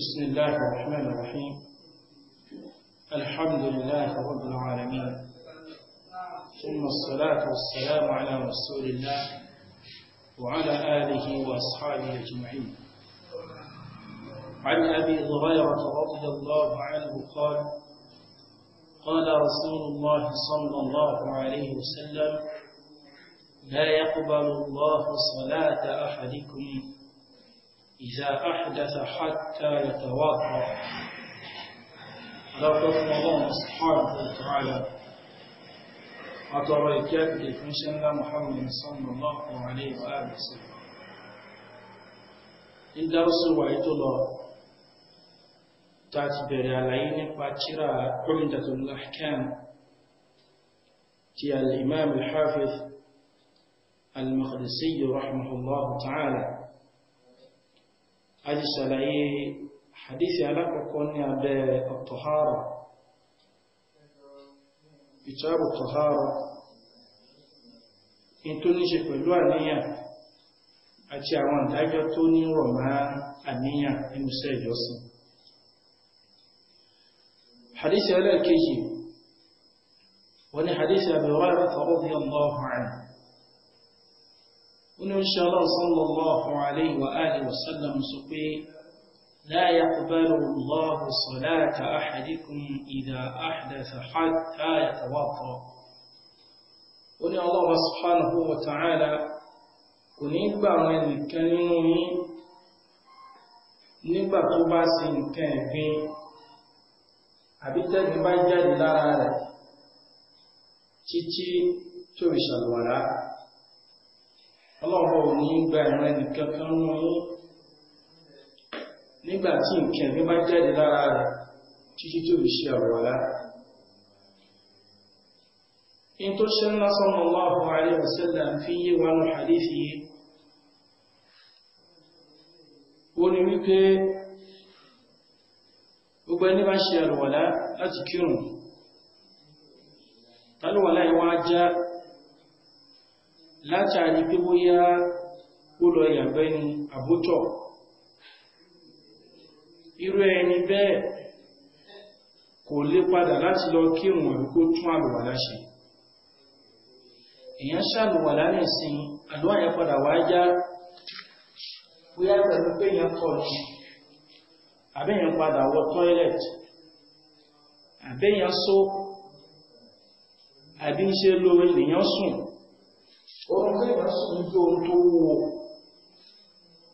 بسم الله الرحمن الرحيم الحمد لله رب العالمين ثم الصلاة والسلام على رسول الله وعلى آله وأصحابه أجمعين عن أبي هريرة رضي الله عنه قال قال رسول الله صلى الله عليه وسلم لا يقبل الله صلاة أحدكم إذا أحدث حتى يتوضأ لقد الله سبحانه وتعالى أترى الكاتب كنشن محمد صلى الله عليه وآله وسلم إن درس وعيت الله تعتبر علينا باترى عمدة الأحكام تي الإمام الحافظ المقدسي رحمه الله تعالى aji ṣàlàyé hadisi alákọ̀ọ́kọ́ ní abẹ́ ọ̀tọ̀hárọ̀ ìtàrù tọ̀hárọ̀ in tó ní ṣe pẹ̀lú àníyàn àti àwọn ìdájọ́ tó ní rọ̀ máa àníyàn nínú iṣẹ́ ìjọsìn hadisi alákejì wani hadisi abẹ́ rẹ̀ rẹ̀ rẹ̀ إنه إن شاء الله صلى الله عليه وآله وسلم سقي لا يقبل الله صلاة أحدكم إذا أحدث حتى يتوضأ وني الله سبحانه وتعالى كنين بعمل كنينوني nígbà tó bá ṣe nǹkan ẹ̀gbin àbí tẹ́gbin bá jáde lára rẹ̀ títí tó ìṣàlùwàrá ọlọ́run ò ní gba ìran ẹnìkan kan nú yín nígbà tí nǹkan ẹ̀mí bá jáde lára rẹ̀ títí tó fi ṣe àwọ̀lá in tó ṣe ńlá sallallahu alaihi wasallam fi yé wa nù hadithi yìí ó ní wípé gbogbo ẹni bá ṣe àwọ̀lá láti kírun tálùwàlá ìwọ́n á já látàrí pé bóyá ó lọ yàgbẹ́ ní àbótọ̀ irú ẹni bẹ́ẹ̀ kò lè padà láti lọ kírun ẹ̀rù kó tún àlùwàlá ṣe èyàn ṣàlùwàlá nìsín àlùwà yẹn padà wá já bóyá pẹ̀lú pé èyàn àbí ń ṣe lo ènìyàn sùn oorun kéèyàn sùn ní pé oorun tó wúwo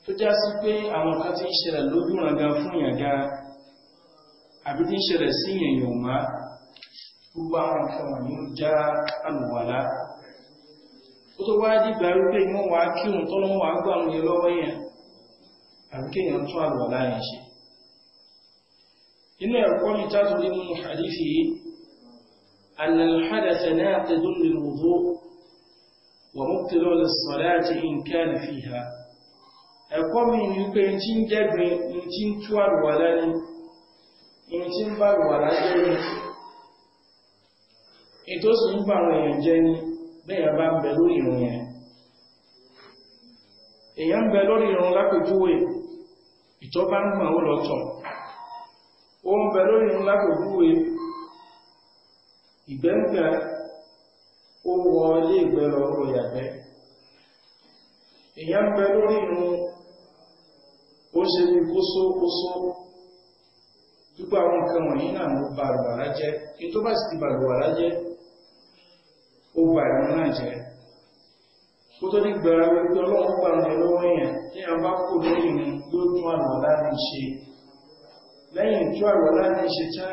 tó já sí pé àwọn nǹkan tí ń ṣẹlẹ̀ lójú ranga fún ìyàgá àbí tí ń ṣẹlẹ̀ sí èèyàn má gbogbo àwọn nǹkan wọ̀nyí ń já àlùwàlá ó tó wáá nínú hadithi yìí أن الحدث ناقض للوضوء ومبطل للصلاة إن كان فيها ẹ̀kọ́ mi ní pé n tí ń jẹ́gbin n tí ń tú àlùwàlá ní n tí ń bá àlùwàlá jẹ́ ní ètò sì ń bá àwọn èèyàn jẹ́ ní bẹ́ẹ̀ bá ń bẹ lórí ìrun yẹn èèyàn ń bẹ lórí ìrun lápèjúwe ìtọ́ ń gbà ó lọ́tọ̀ ó ń bẹ lórí ìrun lápèjúwe ìgbẹ́ ó wọ ilé ìgbẹ́ lọ rọ ìyàgbẹ́ èyàn pẹ lórí ìrun ó ṣe ní kóso kóso gbogbo àwọn nǹkan wọ̀nyí náà ló ba àlùwàlá jẹ́ kí tó bá sì ti ba àlùwàlá jẹ́ ó ba ìrun náà jẹ́ kó tó ní gbẹ̀rẹ̀ wípé ọlọ́run gbà ní lọ́wọ́ èèyàn tí a bá kò lórí ìrun yóò tún àlùwàlá ní ṣe lẹ́yìn tí àlùwàlá ní ṣe tá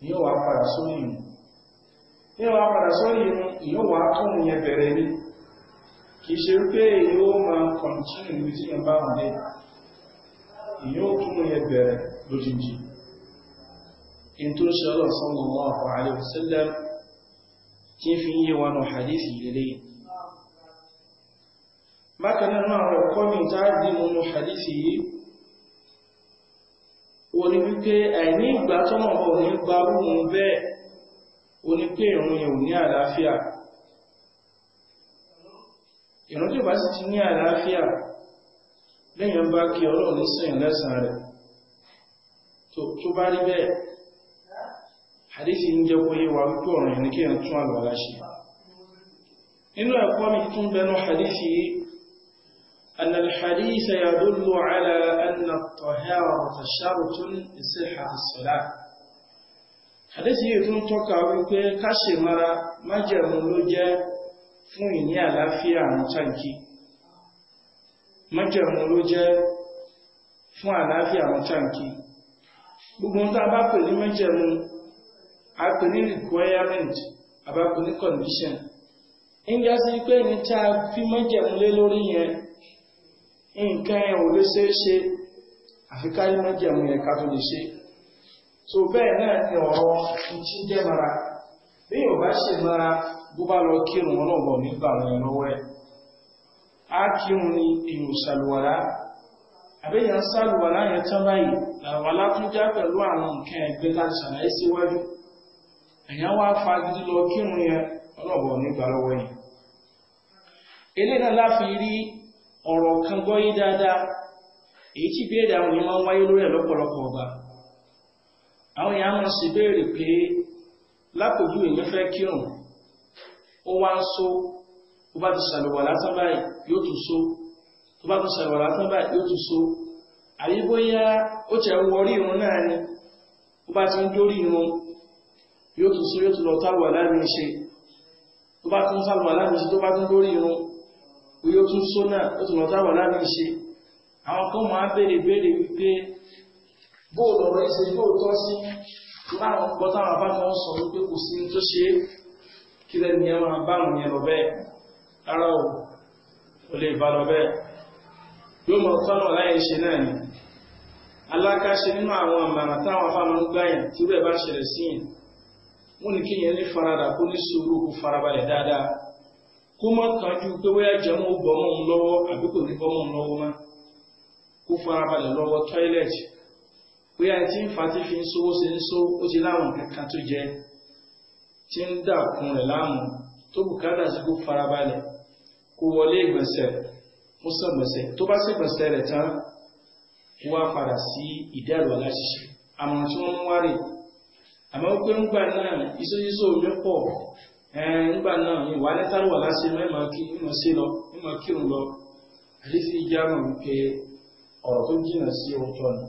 ní ó wà padà sórí ìrun ní wọ́n padà sórí irun ìyówà tún yẹn bẹ̀rẹ̀ ní kìí ṣe wípé yóò máa kọ̀ǹtínú ibi tí yẹn bá wọlé ìyóò tún yẹn bẹ̀rẹ̀ lójijì in tó ṣe ọlọ́ sallallahu alaihi wasallam kí fi yí wọnà hadith ilé bákan náà àwọn ẹ̀kọ́ mi tá dì nínú hadith yìí wọ́n ni wípé àìní ìgbà tọ́nà ọ̀rọ̀ ní gbárùn-ún bẹ́ẹ̀ ó ní pé ìrun yẹn ò ní àlàáfíà ìrun tí ó bá sì ti ní àlàáfíà lẹ́yìn bá kí ọlọ́run ní sẹ́yìn lẹ́sàn rẹ̀ tó bá rí bẹ́ẹ̀ àdísì ń jẹ́ kóyé wa wípé ọ̀rọ̀ yẹn kí ẹn tún àlọ́ aláṣẹ nínú ẹ̀kọ́ mi tún bẹnu àdísì أن الحديث يدل على أن الطهارة شرط àdéhùn yìí tún tọ́ka wípé káṣèmára májẹ̀mú ló jẹ́ fún ìní àlàáfíà àrùn táǹkì májẹ̀mú ló jẹ́ fún àlàáfíà àrùn táǹkì gbogbo tá a bá pè ní májẹ̀mú a pè ní requirement a bá pè ní condition ń já sí pé ní tá a fi májẹ̀mú lé lórí yẹn nǹkan yẹn ò lè ṣeé ṣe àfi ní májẹ̀mú yẹn ká tó lè ṣe so bẹ́ẹ̀ náà ni ọ̀rọ̀ ìtí jẹ́ mara bí yóò bá ṣe mara bó bá lọ kírun ọlọ́gbọ̀ nígbà rẹ̀ lọ́wọ́ ẹ̀ á kírun ni èyàn ṣàlùwàlá àbẹ́yàn ṣàlùwàlá yẹn tán báyìí làwọn alátúnjá pẹ̀lú àwọn nǹkan ẹgbẹ́ láti ṣàlàyé síwájú wá lọ kírun yẹn lọ́wọ́ eléyìí náà láfi rí ọ̀rọ̀ kan dáadáa èyí tí bí máa ń wáyé lórí ẹ̀ ọba àwọn èèyàn máa sì béèrè pé lápòjú èèyàn fẹ́ kírun ó wá ń so tó bá ti ṣàlùwà lásán báyìí yóò tún so tó bá tún ṣàlùwà lásán báyìí yóò tún so àbí bóyá ó tẹ̀ ń wọrí irun náà ni ó bá ti ń dórí irun yóò tún so yóò tún lọ tábùwà láàrin ṣe tó bá tún sábùwà láàrin ṣe tó bá tún dórí irun yóò tún so náà ó tún lọ tábùwà láàrin ṣe àwọn kan máa béèrè béèrè wípé bóòlù ọ̀rọ̀ ìṣe yóò tọ́ sí láwọn ọgbọ́n táwọn abáwọn sọ wípé kò sí tó ṣe kí lẹ́ni ẹ máa bá yẹn lọ bẹ́ẹ̀ rárá o kò lè bá lọ bẹ́ẹ̀ yóò mọ̀ tọ́nà láyé ṣe náà ni alákàṣe nínú àwọn àmàrà táwọn afáwọn ń gbáyàn tí ó bẹ́ẹ̀ bá ṣẹlẹ̀ sí yẹn wọ́n ní kí yẹn ní farada kó ní sùúrù kó farabalẹ̀ dáadáa kó má kánjú pé wọ́n jẹ́ mọ́ bọ́ mọ́ òun lọ́wọ́ àbí kò ní bọ́ mọ́ òun lọ́wọ́ má kó farabalẹ̀ lọ́wọ́ tọ́ílẹ̀tì pé ẹ ti ń fa tí fi ń sówó ṣe ń só ó ti láwọn kankan tó jẹ tí ń dàkun rẹ̀ láàmú tó bùkátà sí kó farabalẹ̀ kó wọlé ìgbọ̀nsẹ̀ kó sọ̀gbọ̀nsẹ̀ tó bá sọ̀gbọ̀nsẹ̀ rẹ̀ tán wá padà sí ìdẹ́rù aláṣiṣe àmọ́ tí wọ́n ń wárè àmọ́ pé ńgbà náà iṣóyíṣó mi pọ̀ ńgbà náà ìwà nẹ́tàrú wà láṣẹ mẹ́mọ̀ kí ìmọ̀ sí lọ ìmọ̀ kírun lọ àdéhùn ìjà mọ̀ wípé ọ̀rọ̀ tó jìnnà sí ohun tọ́nu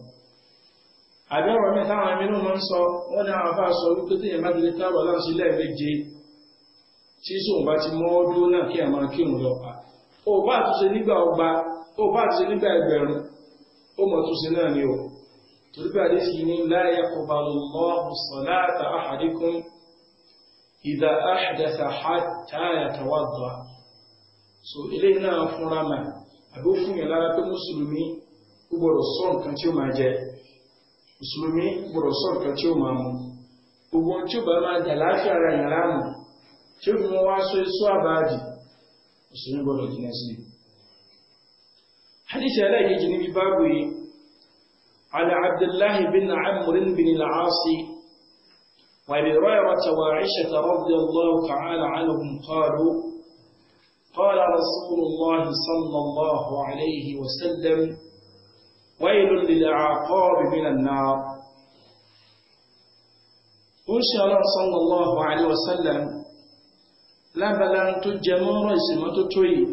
àbí ọ̀rọ̀ mi táwọn ẹmínú máa ń sọ wọ́n ní àwọn afá sọ wípé tí ìyẹ̀mbá tilẹ̀ káàbọ̀ láti sí lẹ́ẹ̀méje tí sóun bá ti mọ́ ọdún náà kí ẹ̀ máa kírun lọ ó bá àtúnṣe nígbà ọgbà ó bá àtúnṣe nígbà ẹgbẹ̀rún ó mọ̀ túnṣe náà ni o torí pé àdé sì ní la yaqbalu Allahu salata ahadikum idha mùsùlùmí gbọ́dọ̀ sọ nǹkan tí ó máa mú gbogbo tí ó bá máa jà láàfin ara yẹn láàmú tí ó mú wá sọ èso àbáàdì mùsùlùmí gbọ́dọ̀ jìnà sí i. hadith ẹlẹ́ẹ̀kejì níbi báàbù yìí على عبد الله بن عمرو بن العاص وابي هريره وعائشه رضي الله تعالى عنهم قالوا قال رسول الله صلى الله عليه وسلم ويل للأعقاب من النار ó ṣe ọlọ́run sallallahu alaihi wasallam lábala tó jẹ mọ́rọ̀ ìsìnmọ́ tó tó yìí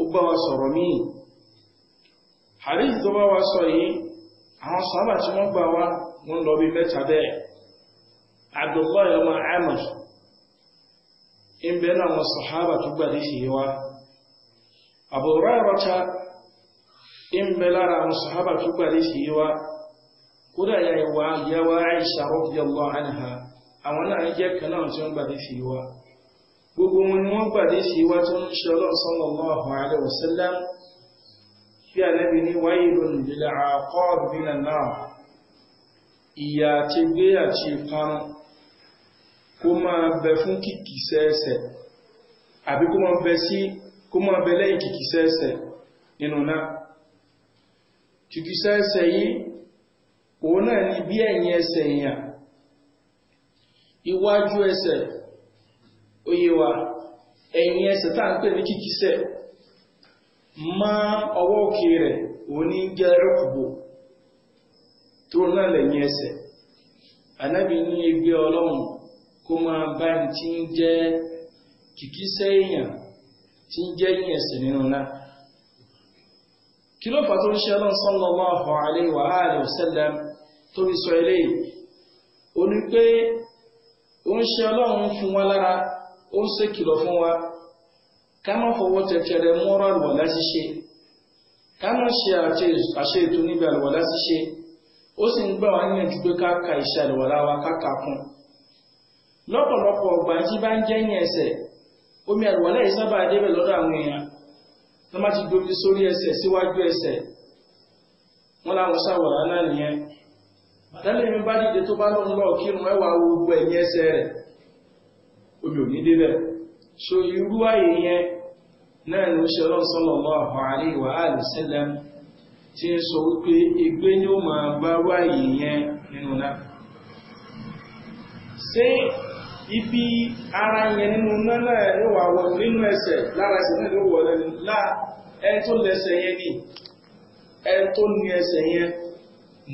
ó bá wa sọ̀rọ̀ míì hadith tó bá wa sọ yìí àwọn sábà tí wọ́n gbà wá wọ́n lọ bí mẹ́ta bẹ́ẹ̀ Abdullah ọmọ Amr ń bẹ́ẹ̀ sàhábà tó gbà ní ṣe wá Abu Hurairah ń bẹ lára àwọn sàhábà tó gbàdé sí wa kódà ya ìwà ìyáwá Aisha radiyallahu anha àwọn náà jẹ́ kan náà tí wọ́n gbàdé sí wa gbogbo wọn ni wọ́n gbàdé sí wa tó ń ṣe ọlọ́run sallallahu alaihi wasallam bí alẹ́bi ní wailun lil aqab minan nar àbí kó máa bẹ sí kó máa bẹ lẹ́yìn kìkì sẹ́ẹ̀sẹ̀ nínú náà ṣùkíṣẹ́ ese yìí òun náà ni bi ẹ̀yìn ese èèyàn iwájú iwaju ese wa ẹ̀yìn ese taa à ń pè ní kíkíṣẹ́ má ọwọ́ òkè rẹ̀ òun ní jẹ́ rẹ́kùbò tó náà lẹ́yìn ẹsẹ̀ ànábì ní egbe ọlọ́run kó kí ló fà tó ń ṣe ọlọ́run sallallahu alaihi wa alihi wasallam tó fi sọ eléyìí ó ní pé ó ń ṣe ọlọ́run fún wa lára ó ń ṣe kìlọ̀ fún wa ká má fọwọ́ tẹ̀tẹ̀rẹ̀ mú ọ̀rọ̀ àlùwàlá ṣíṣe ká má ṣe àṣẹ ètò níbi àlùwàlá ṣíṣe ó sì ń gbà wá níyànjú pé ká ka ìṣe àlùwàlá wa ká kà kún lọ́pọ̀lọpọ̀ ọgbà tí bá ń jẹ́yìn ẹsẹ̀ omi àlùwàlá yìí sábà débẹ̀ lọ́dọ̀ àwọn èèyàn tó má ti domi sórí ẹsẹ̀ síwájú ẹsẹ̀ wọn làwọn ṣàwọ̀rá náà nìyẹn àtẹ́lẹ̀ mi bá dìde tó bá lọ́n lọ kírun ẹwà gbogbo ẹ̀yìn ẹsẹ̀ rẹ̀ omi ò ní débẹ̀ so irú àyè yẹn náà ló ṣe lọ́n lọ́ àwọn àárín ìwà àlùsílẹ̀ tí ń sọ wípé egbé ni ó máa bá wáyé yẹn nínú náà. ibi ara yẹn nínú náà yóò wà wọ nínú ẹsẹ̀ lára ẹsẹ̀ náà yóò wọlé láà ẹni tó lẹ́sẹ̀ yẹn ni ẹni ni ẹsẹ̀ yẹn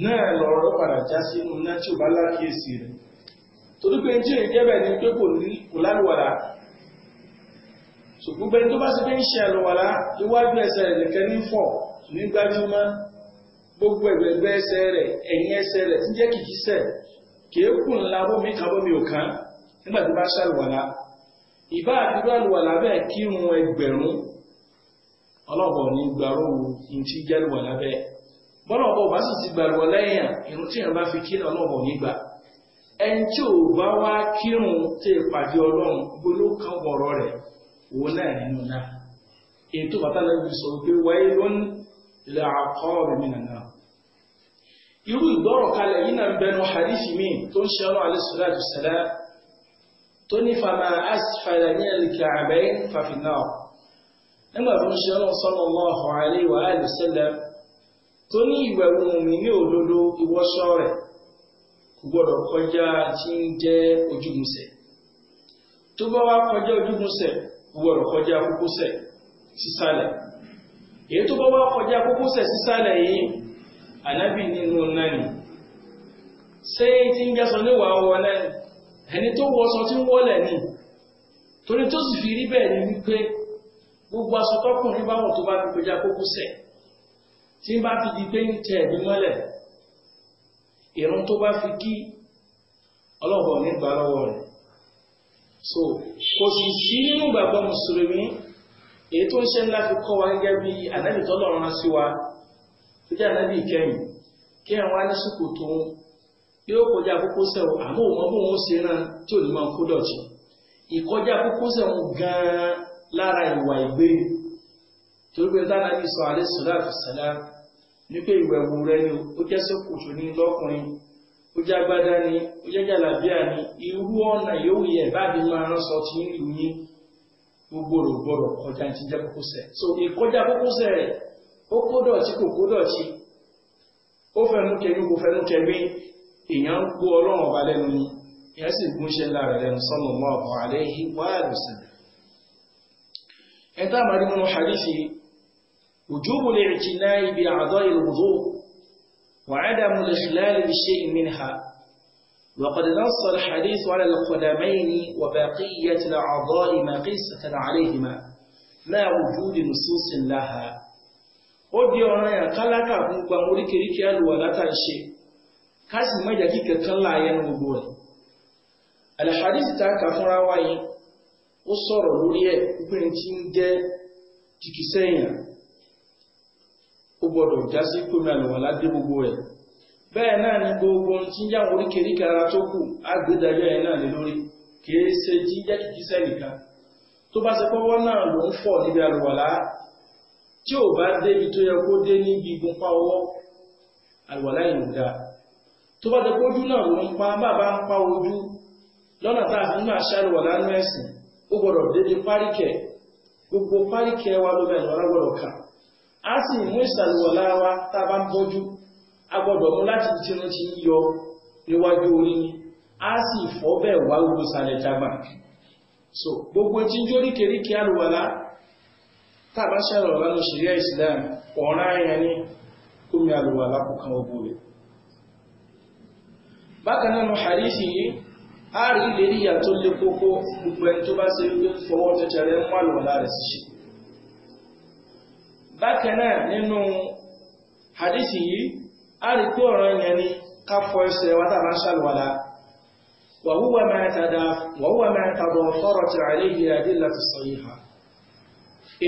náà lọ̀rọ̀ padà já sí inú náà tí ò bá lákìyèsí rẹ̀ torí pé ni pé kò ní kò ṣùgbọ́n tó bá fi ń ṣe iwájú ẹsẹ̀ gbogbo ẹsẹ̀ rẹ̀ ẹ̀yìn ẹsẹ̀ rẹ̀ tí jẹ́ kìkísẹ̀ kéékùn ńlá bómi kábómi nígbà tó bá ṣàlùwàlá ìbá àdúrà àlùwàlá bẹ́ẹ̀ kírun ẹgbẹ̀rún ọlọ́bọ̀ ní gbàrú ìtì jálùwàlá bẹ́ẹ̀ bọ́lọ̀bọ̀ bá sì ti gbàrú lẹ́yìn irun tí yẹn bá fi kí ọlọ́bọ̀ nígbà ẹni tí ò bá wá kírun tẹ ìpàdé ọlọ́run gbólóhùn kan wọ̀rọ̀ rẹ̀ òun náà nínú náà ètò bàtà lẹ́yìn sọ pé wáyé lónìí lè àkọ́rọ̀ mi nàná irú ìgbọ́rọ̀ kalẹ̀ yìí náà ń bẹnu hadisi mi tó ń ṣe ọlọ́ alẹ́ sọ́lá tó ní fama asfala ní al-ka'bayn fa fi an-nar nígbà tó ń ṣe ọlọ́run sallallahu alaihi wa alihi wasallam tó ní ìwà omi ní òdodo ìwọ́sọ rẹ̀ kò gbọ́dọ̀ kọjá tí ń jẹ́ ojúmusẹ̀ tó bá wá kọjá ojúmusẹ̀ kò gbọ́dọ̀ kọjá kókósẹ̀ sísàlẹ̀ èyí tó bá wá kọjá kókósẹ̀ sísàlẹ̀ yìí ànábì nínú náà ni ṣé tí ń jásọ níwàá wọ náà ẹni tó wọṣọ tí ń wọlẹ̀ ni torí tó sì fi rí bẹ́ẹ̀ ni wípé gbogbo aṣọ tọkùnrin bá wọn tó bá fi kọjá kókó sẹ̀ tí ń bá fi di pé ń tẹ ẹ̀mí mọ́lẹ̀ ìrun tó bá fi kí ọlọ́bọ̀ nígbà lọ́wọ́ rẹ̀ so kò sì sí nínú ìgbàgbọ́ mùsùlùmí èyí tó ń ṣe ńlá fi kọ́ wa gẹ́gẹ́ bí ànábì tọ́lọ́run sí wa tó jẹ́ ànábì ìkẹyìn kí àwọn anísùkò tó ń yóò kọjá kókósẹ̀ àmọ́ òun ọmọ òun ṣe rán tí ò ní máa kó dọ̀tí ìkọjá kókósẹ̀ òun gan-an lára ìwà ìgbé torí pé dáná ní sọ alẹ́ sọ́dá àfẹ́sẹ̀lá ní pé ìwẹ̀wù rẹ ni ó jẹ́ sókùtù ní lọ́kùnrin ó jẹ́ agbádá ni ó jẹ́ jàlábíà ni irú ọ̀nà yóò yẹ báàbí máa rán sọ ti nílùú yín gbogbo rò kọjá ti jẹ́ kókósẹ̀ so ìkọjá kókósẹ̀ rẹ̀ ó kó dọ̀tí kò kó dọ̀tí ó fẹnu kẹmí kò fẹnu kẹmí èèyàn ń kó ọlọ́run ọba lẹ́nu ni èèyàn sì gúnṣẹ́ ńlá rẹ̀ lẹ́nu sọ́nà mọ́ alaihi wa sallam ẹ̀tà àmàrí nínú hadithi wujubu lè itinai náà ibi àádọ́ wudu wa 'adamu al-ikhlal bi shay'in minha وقد نص الحديث على القدمين وبقية الأعضاء مقيسة عليهما لا وجود نصوص لها ó di ọ̀ranyàn kálákà fún gbogbo àwọn oríkèríkè ká sì má jẹ́ kí kankan láàyè nu gbogbo ka alhadisi tá a kà fúnra wa yìí ó sọ̀rọ̀ lórí ẹ̀ pípẹ́ni tí ń na tìkísẹ́yìn ó gbọ́dọ̀ já sí pé gbogbo rẹ̀ ni gbogbo ohun tí ń yá oríkèéríkèé ara tó kù àgbédájọ́ yẹn náà lé lo kìí tó bá jẹ́ pójú náà ló ń pa bàbá ń pa ojú lọ́nà tá a fi máa ẹ̀sìn ó gbọ́dọ̀ gbogbo páríkẹ̀ wa ló bẹ̀rẹ̀ lọ́rọ̀ gbọ́dọ̀ kà á sì mú tá a bá ń bọ́jú a gbọ́dọ̀ mú láti tí wọ́n ti yọ níwájú sì fọ́ so gbogbo tí àlùwàlá tá a bá bákan náà hàrísì yìí a rí ìlérí ìyà tó lé kókó gbogbo ẹni tó bá ṣe wípé fọwọ́ tẹ̀tẹ̀rẹ̀ ń wà lọ́la rẹ̀ sí ṣe bákan náà nínú hàrísì yìí a rí pé ọ̀rọ̀ yẹn ni ká fọ ẹsẹ̀ wa tá a máa ń ṣàlùwàlà وهو ما وهو ما تضافرت عليه الأدلة الصحيحة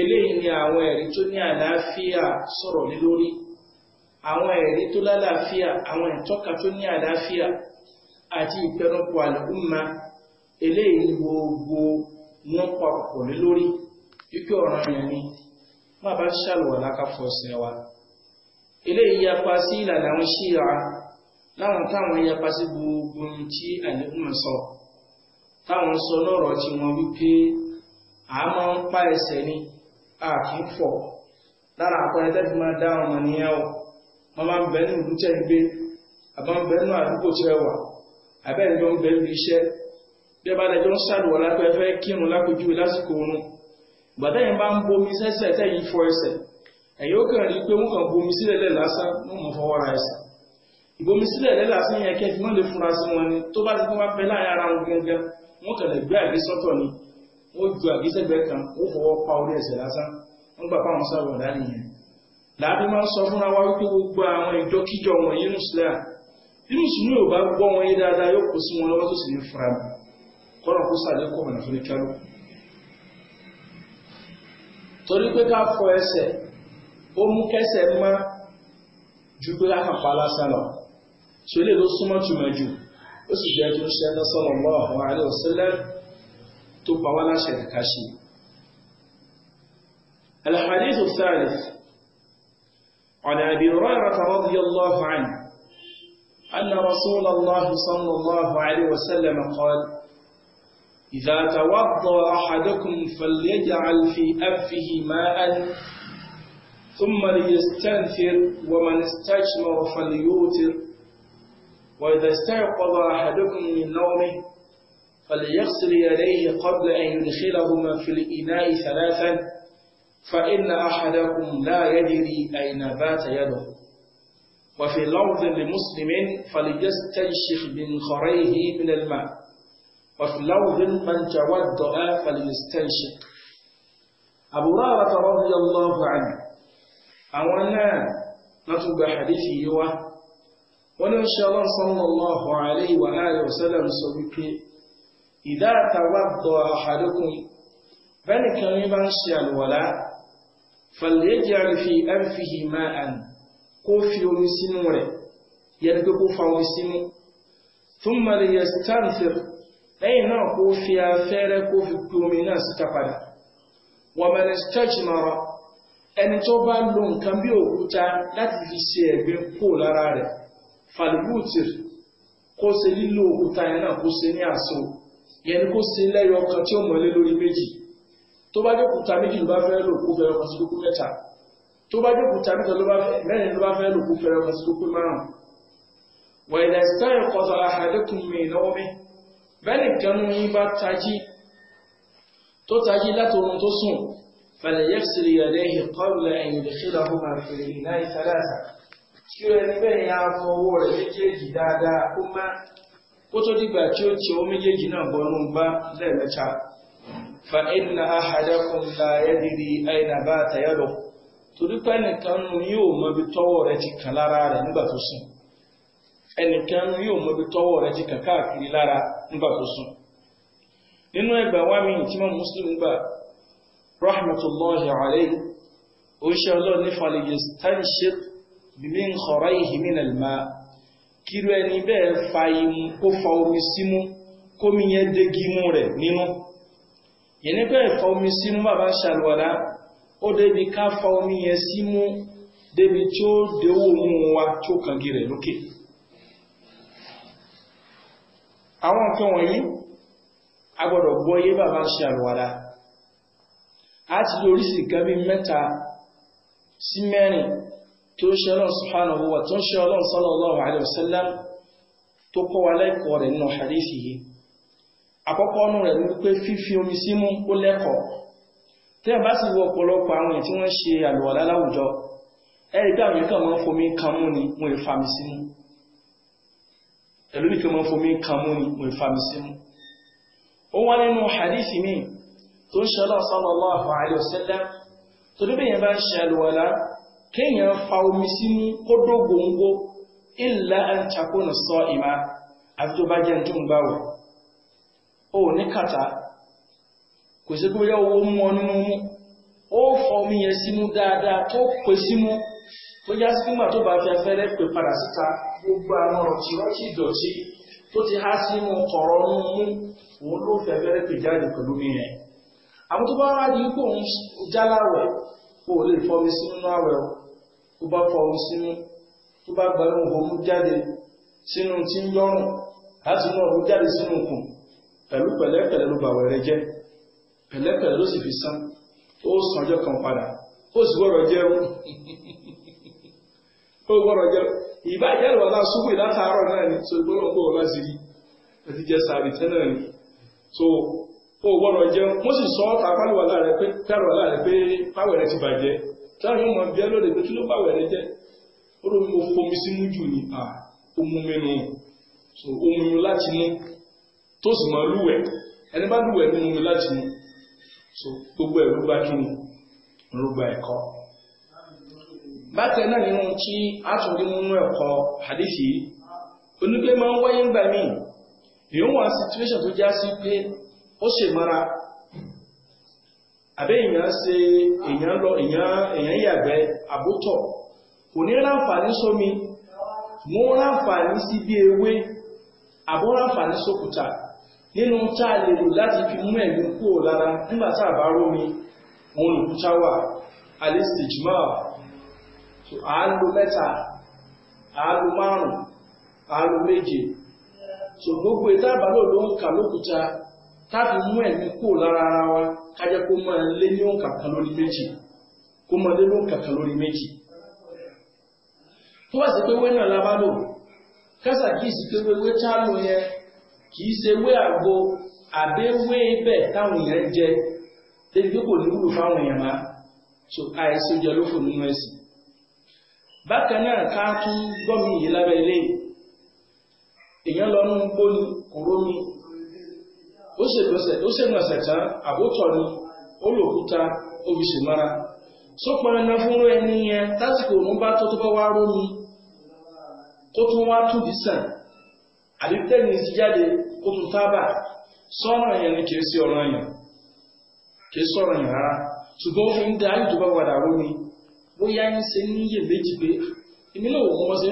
eléyìí ni àwọn ẹ̀rí tó ní àlàáfíà sọ̀rọ̀ lórí àwọn ẹ̀rí tó lálàáfíà àwọn ìtọ́ka tó ní àlàáfíà àti ìpẹnupọ̀ àlùmá eléyìí gbogbo wọn papọ̀ lórí wípé ọ̀ràn yẹn ni má bá ṣàlùwàlá ká fọsẹ̀ wa eléyìí yapa sí ìlànà àwọn ṣíra láwọn táwọn yapa sí gbogbo tí àlùmá sọ táwọn sọ lọ́rọ̀ tí wọ́n wípé a máa ń pa ẹsẹ̀ ni a kì í fọ̀ lára àpẹẹrẹ tẹ́tí máa dá ọmọ wọ́n máa ń bẹ ní ìlú tẹ́ ń gbé àbá ń bẹ nínú àdúgbò tí ẹ wà àbẹ́rẹ́ ló ń bẹ níbi iṣẹ́ bí ẹ bá lẹ́jọ́ ń ṣàlùwọ̀ lápẹ́ kírun lápẹ́júwe lásìkò oorun ìgbà bá ń bomi sẹ́sẹ̀ tẹ́yìn fọ ẹsẹ̀ ẹ̀yìn ó kàn rí pé wọ́n kàn bomi sílẹ̀ lẹ̀ lásán wọ́n mọ̀ fọwọ́ ra ẹsẹ̀ ìbomi sílẹ̀ lẹ̀ lásán yẹn kẹfì wọ́n lè fura sí wọn ni tó bá ti fún wa pẹ́ láàrin ara wọn gangan wọ́n ni wọ́n kan wọ́n fọwọ́ pa orí ẹsẹ̀ lásán wọ́n gbà pa àwọn sábà nìyẹn láti máa sọ fúnra wa wípé gbogbo àwọn ìjọkíjọ wọn yìí nùsùlẹ̀ bí mùsùlùmí ò bá gbọ́ wọn yé dáadáa yóò kó sí wọn lọ́wọ́ tó sì ní fura mi kọ́nà kó sàlẹ̀ kọ́ ọ̀nà fún ìkẹ́rù torí pé ká fọ ẹsẹ̀ ó mú kẹsẹ̀ má ju pé ká pa lásán lọ ṣe lè ló súnmọ́ jùmọ̀ jù ó sì jẹ́ tó ń ṣe ẹ̀dá sọ̀rọ̀ mọ́ àwọn àlẹ́ òṣèlè tó pa wá láṣẹ ìkàṣe. الحديث الثالث عن أبي هريرة رضي الله عنه أن رسول الله صلى الله عليه وسلم قال إذا توضأ أحدكم فليجعل في أفه ماء ثم ليستنثر ومن استجمر فليوتر وإذا استيقظ أحدكم من نومه فليغسل يديه قبل أن يدخلهما في الإناء ثلاثا فإن أحدكم لا يدري أين بات يده وفي لفظ لمسلم فليستنشق من خريه من الماء وفي لفظ من تودع فليستنشق أبو هريرة رضي الله عنه أولا نتبع حديثه يوه وإن شاء الله صلى الله عليه وآله وسلم سبكي إذا توضأ أحدكم فإن كان يبان الولاء falyaj'al fi anfihi ma'an kó fi omi sínú rẹ̀ yẹn pé kó fa omi sínú thumma liyastanthir lẹ́yìn náà kó fi afẹ́rẹ́ kó fi pe omi náà síta padà wa man istajmara ẹni tó bá lo nǹkan bí òkúta láti fi ṣe ẹ̀gbẹ́ kó lára rẹ̀ falbutir kó ṣe lílo òkúta yẹn náà kó ṣe ní àṣọ yẹn kó ṣe lẹ́yọ kan tí ó mọ̀lé lórí méjì tó bá jẹ́ kúta méjì ló bá fẹ́ lò kó fẹ́rẹ́ kan sí kókó mẹ́ta tó bá jẹ́ kúta méjì ló bá fẹ́ mẹ́rin ló bá fẹ́ lò kó fẹ́rẹ́ kan sí kókó márùn-ún wọ́n ilẹ̀ stein kọ́sọ̀ àhàdékùn mi lọ́wọ́ mi bẹ́ẹ̀ni kanú yín bá tají tó tají láti orun tó sùn fẹ̀lẹ̀ yẹ́ sírí ẹ̀lẹ́yìn kọ́lẹ̀ ẹ̀yìn ìdíkílà fún àfẹ́lẹ̀ ìlà ìfẹ́lẹ́sà kí ó ẹni bẹ́ẹ̀ yá fọwọ́ rẹ̀ méjèèjì dáadáa kó má kó tó dìgbà tí ó ti ó méjèèjì náà bọ́nú bá lẹ́ẹ̀mẹ́ta فإن أحدكم لا يدري أين بات يده torí pé ẹnìkan nu yóò mọ ibi tọ́wọ́ rẹ̀ ti kàn lára rẹ̀ nígbà tó sùn ẹnìkan nu yóò mọ ibi tọ́wọ́ rẹ̀ ti kàn káàkiri lára nígbà tó nínú ẹgbà wá mi tí mọ muslim gbà rahmatullahi alayhi ó ṣe ọlọ́run ní falẹ̀yẹ stanship bimin kharayhi min alma kírú ẹni bẹ́ẹ̀ fa imú kó fa omi símú kómi yẹn dégi imú rẹ̀ nínú yẹn ní pé ẹ̀fọ́ omi símú bàbá ṣàlùwàlá ó débi ká fa omi yẹn símú débi tí ó déwò mú wa tí ó kàngi rẹ̀ lókè. àwọn nǹkan wọ̀nyí a gbọ́dọ̀ gbọ́ yé bàbá ṣàlùwàlá a ti lórí sí nǹkan mẹ́ta sí mẹ́rin tó ṣe ọlọ́run subhanahu wa tó ṣe ọlọ́run sallallahu alaihi wasallam tó kọ́ wa lẹ́kọ̀ọ́ rẹ̀ nínú hadisi yìí àkọ́kọ́ nù rẹ̀ wípé fífi omi símú ó lẹ́kọ̀ọ́ tí ẹ bá sì wo ọ̀pọ̀lọpọ̀ àwọn tí wọ́n ṣe àlùwàlá láwùjọ ẹ̀rí pé àwọn kan máa ń fomi kan mú ni mo lè fa mi símú ẹ̀lú nìkan máa ń fomi kan mú ni mo lè fa mi símú ó wá nínú hadisi mi tó ń ṣe sallallahu alaihi wasallam tó dúpẹ́ yẹn bá ń ṣe àlùwàlá kéèyàn fa omi símú kó dó gbòǹgbò illa an takuna sa'ima àti tó bá jẹ́ ń ó ní kàtà kò sí pé owó mú ọ nínú mú ó fọ omi yẹn símú dáadáa tó pè símú tó já sí fúngbà tó bá fi afẹ́rẹ́ pè padà síta gbogbo àwọn ọ̀rọ̀ tí wọ́n ti dọ̀tí tó ti há sínú kọ̀rọ̀ nínú mú òun ló fi afẹ́rẹ́ pè jáde pẹ̀lú mi yẹn àwọn tó bá wá di pé òun jáláwẹ̀ ó lè fọ omi sínú náà ó bá fọ omi sínú tó bá gba òun jáde sínú tí ń yọrùn láti inú ọ̀run jáde sínú kùn pẹ̀lú pẹ̀lẹ́pẹ̀lẹ́ ló bàwẹ̀ rẹ̀ jẹ́ pẹ̀lẹ́pẹ̀lẹ́ ló sì fi san ó sanjọ́ kan padà ó sì gbọ́dọ̀ jẹun ó gbọ́dọ̀ jẹun ìbá ìyálò ọ̀la súnmù ìlàtàárọ̀ náà ni so ìgbọ́dọ̀ gbọ́ ọ̀la sí rí ẹtì jẹ sàrì tẹ́lẹ̀ ni so ó gbọ́dọ̀ jẹun mo sì sọ ọ́ta pálíwàlá rẹ pé pálíwàlá rẹ pé báwẹ̀ rẹ ti bàjẹ́ táwọn ọmọ bíẹ́ lóde pé kí so ó mú mi tó sì mọ lúwẹ̀ ẹni bá lúwẹ̀ nínú mi láti mú so gbogbo ẹ̀ ló bá kí ni ló gba ẹ̀kọ́ bákan náà nínú tí a tún rí nínú ẹ̀kọ́ hadithi onígbé máa ń wáyé ńgbà míì èyí wọn situation tó já sí pé ó ṣe mara àbẹ́ èèyàn ṣe èèyàn lọ èèyàn yàgbẹ́ àbótọ̀ kò ní ráǹfààní sómi wọ́n ráǹfààní sí bí ewé àbọ̀ ráǹfààní sókúta nínú tá a lè lò láti fi mú ẹ̀mí kúrò lára nígbà tá a bá rómi òun lòkú táwà so àálò mẹ́ta àálò márùn-ún àálò méje so gbogbo ìdábà lò ló ń kà lókúta táàbí mú ẹ̀mí kúrò lára ara wa kájẹ́ kó mọ́ lé ní òǹkà kan lórí méjì kó kì í ṣe wé àgbo àbẹ́wé bẹ̀ táwọn èèyàn jẹ débi kò ní wúlò fáwọn èèyàn má so àìsí jẹ ló fò nínú ẹ̀sìn. bákan náà ká tún gbọ́ mi yìí lábẹ́ ilé èèyàn lọ nú gbóni kò rómi ó ṣègbọ̀nsẹ̀ ó tán àbótọ́ ni ó lòkúta ó fi ṣèmọ́ra sópọn ẹna fúnrú ẹni yẹn tásìkò òun bá tó tó bá wá rómi tó tún wá túbí sàn àdìtẹ́ni sí ya dị ụtụtụ tábà sọ́rọ̀ yẹn ni kìí sí ọ̀rọ̀ yẹn kìí sọ̀rọ̀ yẹn rárá ṣùgbọ́n ó fi ń da àyùtò bá padà rú ni bóyá ń ṣe níyè méjì pé èmi náà wò wọ́n ṣe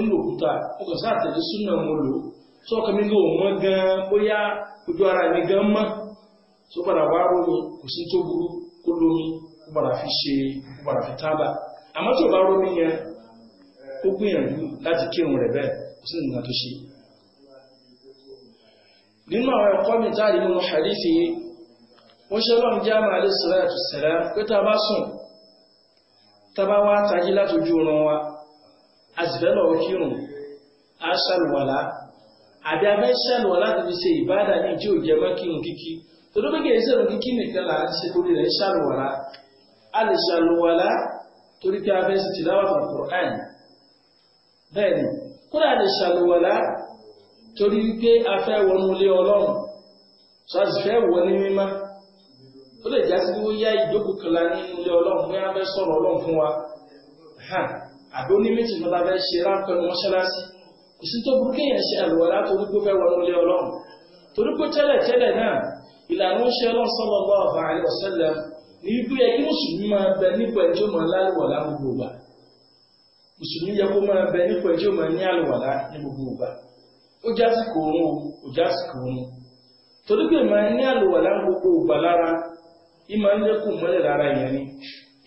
ara anyị gan mma tó padà wá rú kwụsị kò sí tó burú kó lómi kó nínú àwọn ẹ̀kọ́ mi táàrí nínú hadisi yìí wọ́n ṣe lọ́n jẹ́ àmà alẹ́ sọ́rọ̀ àti sẹ́lá pé tá a bá sùn tá a bá wá tají láti ojú oorun wa a sì fẹ́ lọ kírun a ṣàlùwàlá àbí a fẹ́ ṣàlùwàlá àti fi ṣe ìbáàdà ní tí ò jẹ́ mọ́ kíkí torí wípé a fẹ́ wọnú ilé ọlọ́run ṣáàsì fẹ́ wọ ní mímá ó lè já sí ó yá ìjókòó kala nínú ilé ọlọ́run bí a fẹ́ sọ̀rọ̀ ọlọ́run fún wa àbí oní méjì ló la fẹ́ ṣe ráńpẹ́ mọ́ṣáláṣí kò sí tó burú kéèyàn ṣe àlùwàlá torí pé fẹ́ wọnú ilé ọlọ́run torí pé tẹ́lẹ̀ tẹ́lẹ̀ náà ìlànà oṣù ọlọ́run sallallahu alaihi wasallam ní wípé yẹ kí mùsùlùmí kó máa bẹ nípò ẹjọ́ máa ní àlùwàlá ní gbogbo ìgbà ó jásìkò òun ò jásìkò òun torí pé máa ní àlùwàlá gbogbo ògbà lára í ń lékùn mọ́lẹ̀ lára èèyàn ni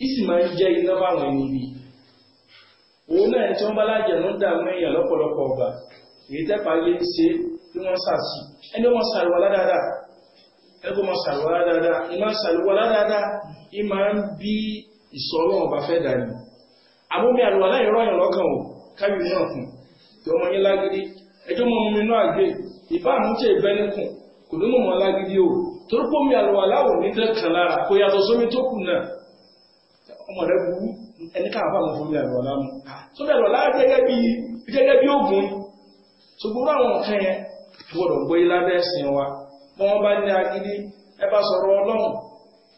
í sì máa ń jẹ́ iná báwọn ẹni ibi òun náà tí wọ́n bá lájẹ̀ ló ń dààmú èèyàn lọ́pọ̀lọpọ̀ ọ̀gbà èyí tẹ́pà yé ń ṣe bí wọ́n sàṣì ẹni wọ́n sàrùwàlá dáadáa ẹgbẹ́ wọn sàrùwàlá ń ẹjọ́ mọ́ mi náà gbé ìbámu tẹ ìbẹ́nukùn kò ní mọ̀ lágídí o torí pé omi àlọ́ aláwọ̀ ní tẹ́kàn lára kò yàtọ̀ sómi tó kù náà ọmọ rẹ burú ẹni káà bá wọn fọmi àlọ́ aláwọ̀ sómi àlọ́ aláwọ̀ gẹ́gẹ́ bí gẹ́gẹ́ bí oògùn ṣùgbọ́n àwọn nǹkan yẹn gbọ́dọ̀ gbọ́ yí lábẹ́ ẹ̀sìn wa bí wọ́n bá ní agídí ẹ bá sọ̀rọ̀ ọlọ́run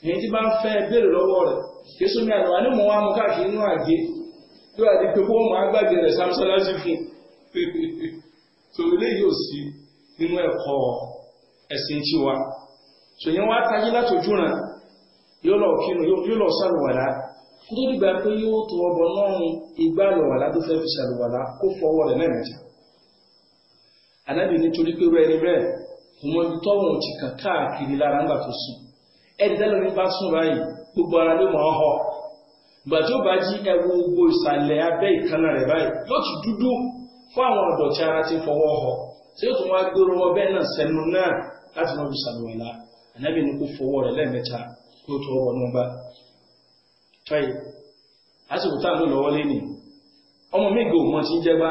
èyí tí bá ń fẹ́ béèrè lọ́wọ́ rẹ̀ kí sómi àlọ́ wa ní mọ̀ wá mú káàkiri inú àgé bí wàá kó wọn máa gbàgbé rẹ̀ sámsálásí so eléyìí osi sí nínú ẹ̀kọ́ ẹ̀sìn wa so yẹn wá tají láti ojú yóò lọ kínú yóò lọ sàlùwàlá tó dìgbà pé yóò tó ọbọ náà igbá tó fẹ́ fi sàlùwàlá kó fọwọ́ rẹ̀ mẹ́rẹ̀ẹ́ta anábì nítorí pé rẹ ni bẹ́ẹ̀ ọmọ ibi tọ́wọ̀n ti kàn káàkiri lára ńgbà tó sùn ẹni ní bá sùn báyìí gbogbo ara ló máa họ fún àwọn ọ̀dọ̀ tí ara ti fọwọ́ họ tí ó tún wá gbérò ọbẹ̀ náà sẹ́nu náà láti wọ́n fi sàlùwàlá ànábì ní kó fọwọ́ rẹ̀ lẹ́ẹ̀mẹ́ta kí ó tó ọwọ́ náà bá. tọ́yì lásìkò tá à ń lò lọ́wọ́ lẹ́nìí ọmọ mi gò ń jẹ́gbá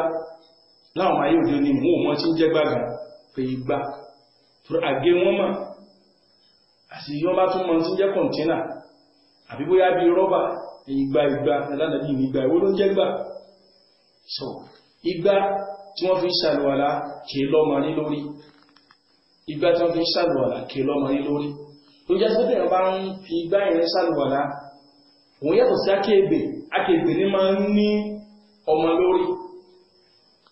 láwọn ayé òde ni mò ń ń jẹ́gbá àgé igbá tí wọ́n fi ń ṣàlùwàlá kì í lọ́mọ ní lórí igbá tí wọ́n fi ń ṣàlùwàlá kì í lọ́mọ ní lórí tó jẹ́ sọ́dọ̀ yẹn bá ń fi igbá yẹn ṣàlùwàlá òun yàtọ̀ sí akéègbè akéègbè ní máa ń ní ọmọ lórí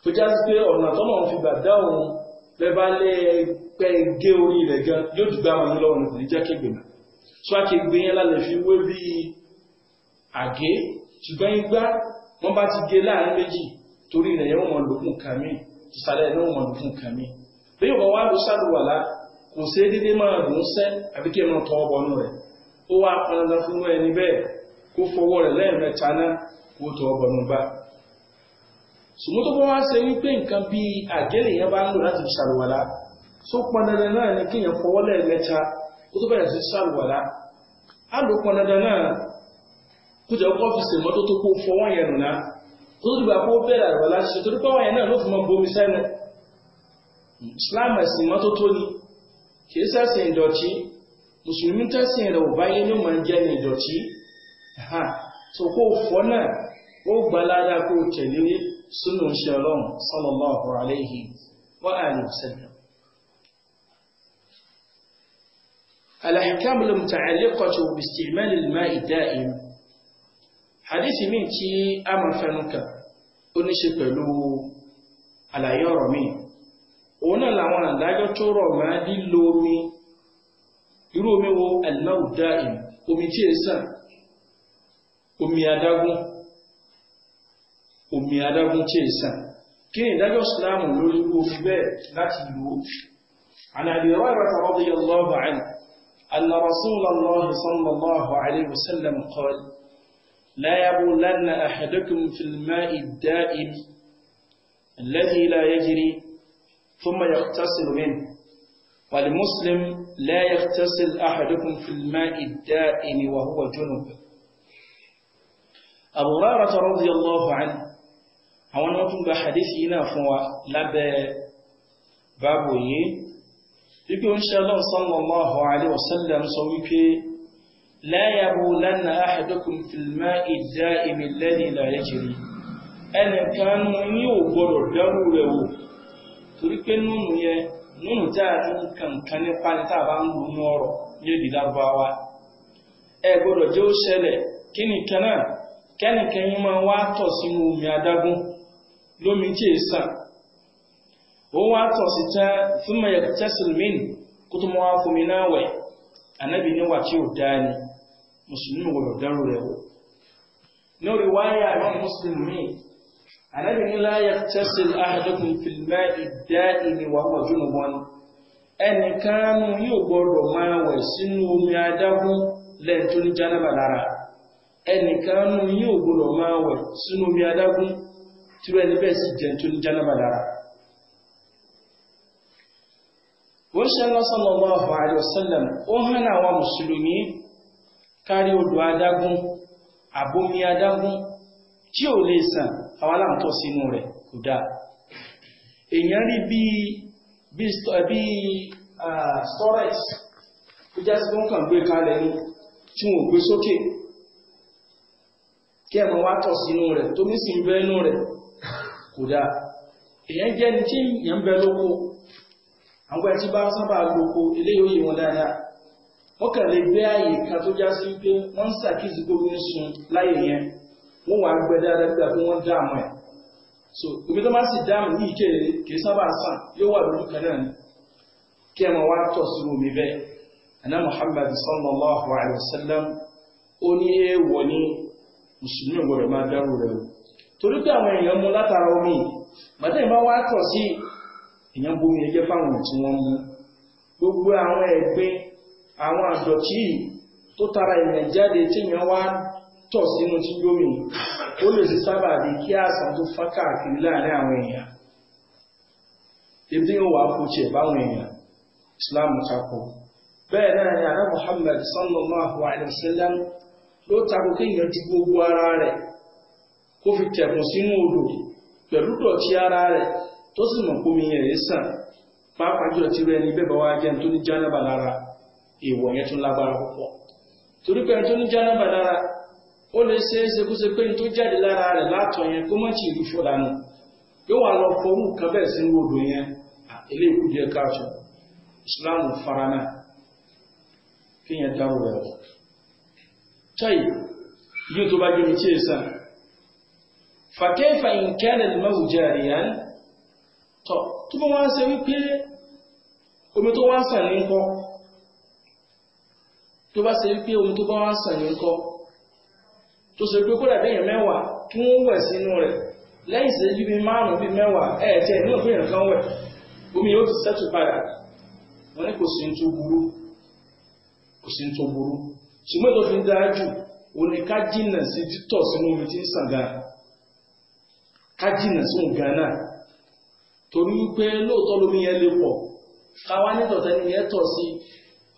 tó jẹ́ sí pé ọ̀nà tọ́nà òun fi gbà dá òun bẹ́bá lé ẹgbẹ́ gé orí rẹ̀ gan yóò dùgbà máa lọ́rùn ní jẹ́ kéègbè náà tó akéègbè yẹn lálẹ́ fi wé bí àgé ṣùgbọ́n igbá wọ́n bá ti gé láàrin méjì torí rẹ̀ yẹn wọ́n mọ̀ lòkùn kan mí ìsàlẹ̀ yẹn wọ́n mọ̀ lòkùn kan mí lẹ́yìn ọ̀bọ̀n wa ló sálùwàlá kò sí dédé máa dùn sẹ́ àbí kí ẹ máa tọ́ ọbọ̀ nù rẹ̀ ó wá pọndandan fún ẹni bẹ́ẹ̀ kó fọwọ́ rẹ̀ lẹ́ẹ̀mẹ́ta náà kó tọ́ ọbọ̀ nù bá ṣùgbọ́n tó bá wá ṣe wípé nǹkan bí àgẹ́lẹ̀ yẹn bá ń lò láti fi ṣàlùwàlá pọn dandan náà ni kí fọwọ́ lẹ́ẹ̀mẹ́ta kó tó bẹ̀rẹ̀ sí ṣàlùwàlá á lò pọn dandan náà kó jẹ́ kó fi ṣèmọ́tótó kó fọwọ́ yẹn nù náà tó tó gbà kó bẹ̀rẹ̀ àgbàlá ṣe torí pé wọ́n yẹn náà ló fi mọ bomi sẹ́nu Islam ẹ̀sìn mọ́tótó ni kìí sẹ́sìn ìdọ̀tí mùsùlùmí tẹ́sìn rẹ̀ ò báyé ní mọ̀ ń jẹ́ ní ìdọ̀tí tó kó fọ́ náà ó gbà ládàá kó tẹ̀lé sínú ṣe ọlọ́run sallallahu alayhi wa alihi wa sallam. الأحكام المتعلقة باستعمال الماء دائم hadisi míì tí a máa fẹnu kà ó ní ṣe pẹ̀lú àlàyé ọ̀rọ̀ míì òun náà làwọn àdájọ́ tó rọ̀ máa lílo omi irú omi wo alimahu dáìm omi tí è sàn omi adágún omi adágún tí è sàn kí ni ìdájọ́ ìsìláàmù lórí omi bẹ́ẹ̀ láti lò ó عن أبي هريرة رضي الله عنه أن رسول الله صلى الله عليه وسلم قال لا يبولن أحدكم في الماء الدائم الذي لا يجري ثم يغتسل منه والمسلم لا يغتسل أحدكم في الماء الدائم وهو جنوب أبو رارة رضي الله عنه أولا ni بحديثنا فهو لبا hadithi يقول إن شاء الله صلى الله عليه وسلم سويكي لا يبولن أحدكم في الماء الدائم الذي لا يجري ẹnìkan ní ò gbọdọ̀ dẹ́rù rẹ̀ wò torí pé nínú yẹn nínú tí a ti ń kànkan nípa ní tá a bá ń lò ní ọ̀rọ̀ lédè lárúbáwá ẹ gbọdọ̀ jẹ́ ó ṣẹlẹ̀ kí nìkan náà kẹ́nìkan yín máa wá tọ̀ sínú omi adágún lómi tí è sàn ó wá tọ̀ sí tán fún mẹ́yẹ̀ tẹ́sílmìn kó tó mọ́ wá fún mi náà wẹ̀ ànábì níwà tí ò dáa ni mùsùlùmí wọ̀lọ̀ dárò rẹ̀ wò lórí wáyà àwọn mùsùlùmí anábìnrin láyà tẹ́sí ahàdókùn fìlmá ìdá ìní wà wà jùlọ wọn ẹnìkan yóò gbọdọ̀ máa wẹ̀ sínú omi adágún lẹ́yìn tó ní jánábà lára ẹnìkan yóò gbọdọ̀ máa wẹ̀ sínú omi adágún tí wọ́n ẹni bẹ́ẹ̀ sì jẹ́ tó ní jánábà lára wọ́n ṣe ń kárí odò adágún àbómi adágún tí ò lè sàn àwọn aláǹtọ́ sínú rẹ̀ kò dáa èèyàn rí bí bí storage tó já sí wọ́n kàn gbé kalẹ̀ ní tí wọ́n gbé sókè kí ẹ̀mọ̀ wá tọ̀ sínú rẹ̀ tó ní sí ń inú rẹ̀ kò dáa èèyàn jẹ́ ni tí èèyàn bẹ lóko àwọn ẹ̀tí bá sábà lóko eléyìí ó yí wọn dáadáa wọ́n kàn lè gbé ààyè kan tó já sí pé wọ́n ń ṣàkíyèsí gbogbo ń sun láyè yẹn wọ́n wà gbẹ dáadáa gbà pé wọ́n dààmú ẹ̀ so omi tó máa ń sì dààmú ní ìké kì í sábà sàn yóò wà lójú kan náà ni kí ẹ mọ wá tọ̀ sí omi bẹ́ẹ̀ àná Muhammad sallallahu alayhi wa sallam ó ní èèwọ̀ ní mùsùlùmí ògbọ́dọ̀ máa dárò rẹ̀ o torí pé àwọn èèyàn mu látara omi màdé ìbá wá tọ̀ sí èèyàn bomi ẹ̀jẹ̀ fáwọn tí wọ́n mu gbogbo àwọn ẹ̀gbin àwọn àdọ̀tí tó tara ìrìn jáde tí èèyàn wá tọ̀ sínú tí lómi ó lè sí sábà di kí àṣà tó fá káàkiri láàrin àwọn èèyàn ibi wà kò báwọn èèyàn Islam takò bẹ́ẹ̀ náà ni Muhammad sallallahu alayhi wa ló takò kí èèyàn gbogbo ara rẹ̀ kó fi tẹ̀kùn sínú odò ara tó sì kómi yẹn sàn jẹun tó ní lára èèwọ̀ yẹn tún lágbára púpọ̀ torí pé ẹni tó ní jánábà lára ó lè ṣe é ṣe kó ṣe pé ní tó jáde lára rẹ̀ látọ̀ yẹn kó má ti ìlú fò lánà yóò wà lọ fọwọ́ kan bẹ́ẹ̀ sínú odò yẹn eléyìí díẹ̀ káàtó ìsìláàmù farana kí yẹn dárò rẹ̀ wọ̀ tọ́yì yóò tó bá jẹ́ mi tí è sàn fàkẹ́fà ìkẹ́lẹ̀ lọ́wọ́ jẹ́ àríyá tọ́ tó bá wá ń ṣe wípé omi tó wá ń sàn ní nǹkan tó bá ṣe pé omi tó bá wá sàn ní ńkọ́ tó ṣe pé kódà bẹ́yẹn mẹ́wàá kí wọ́n wẹ̀ sínú rẹ̀ lẹ́yìn ìṣẹ́jú bíi márùn-ún bíi mẹ́wàá ẹ̀ tẹ̀ ní òfin nǹkan wẹ̀ omi yóò ti sẹ́tù padà wọ́n ní kò sí tó burú kò sí tó burú ṣùgbọ́n tó fi dáa jù òun ni ká jìnnà sí títọ̀ sínú omi tí ń sàn gan ká jìnnà sí òun gan náà torí wípé lóòótọ́ lómi yẹn lè pọ̀ káwá nítọ̀tẹ́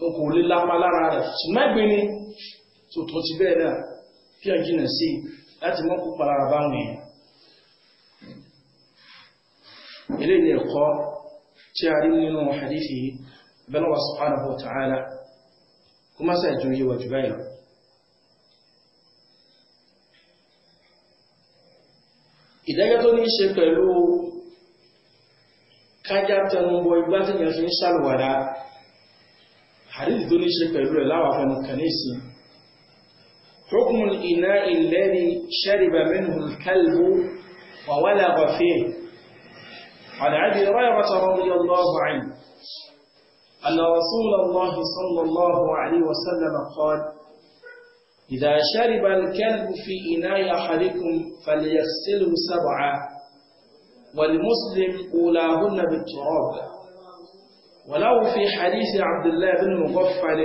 n kò lè lápá lára rẹ̀ ṣùgbọ́n ẹgbẹ́ ni tòótọ́ ti bẹ́ẹ̀ náà kí ọ jìnà sí láti mọ́ kó palára bá wọn èèyàn ilé ni ẹ̀kọ́ tí a rí nínú hadithi bẹ́lọ́wà subhanahu wa ta'ala kuma sa ìjọ yíò wà jù báyìí lọ ìdájọ́ tó ní í ṣe pẹ̀lú kájá tẹnubọ igbá tí yẹn fi ń حديث دوني ní يقول لا وفن الكنيسة حكم الإناء الذي شرب منه الكلب وولغ فيه عن أبي هريرة رضي الله عنه أن رسول الله صلى الله عليه وسلم قال إذا شرب الكلب في إناء أحدكم فليغسله سبعا والمسلم أولاهن بالتراب ولو في حديث عبد الله بن مغفل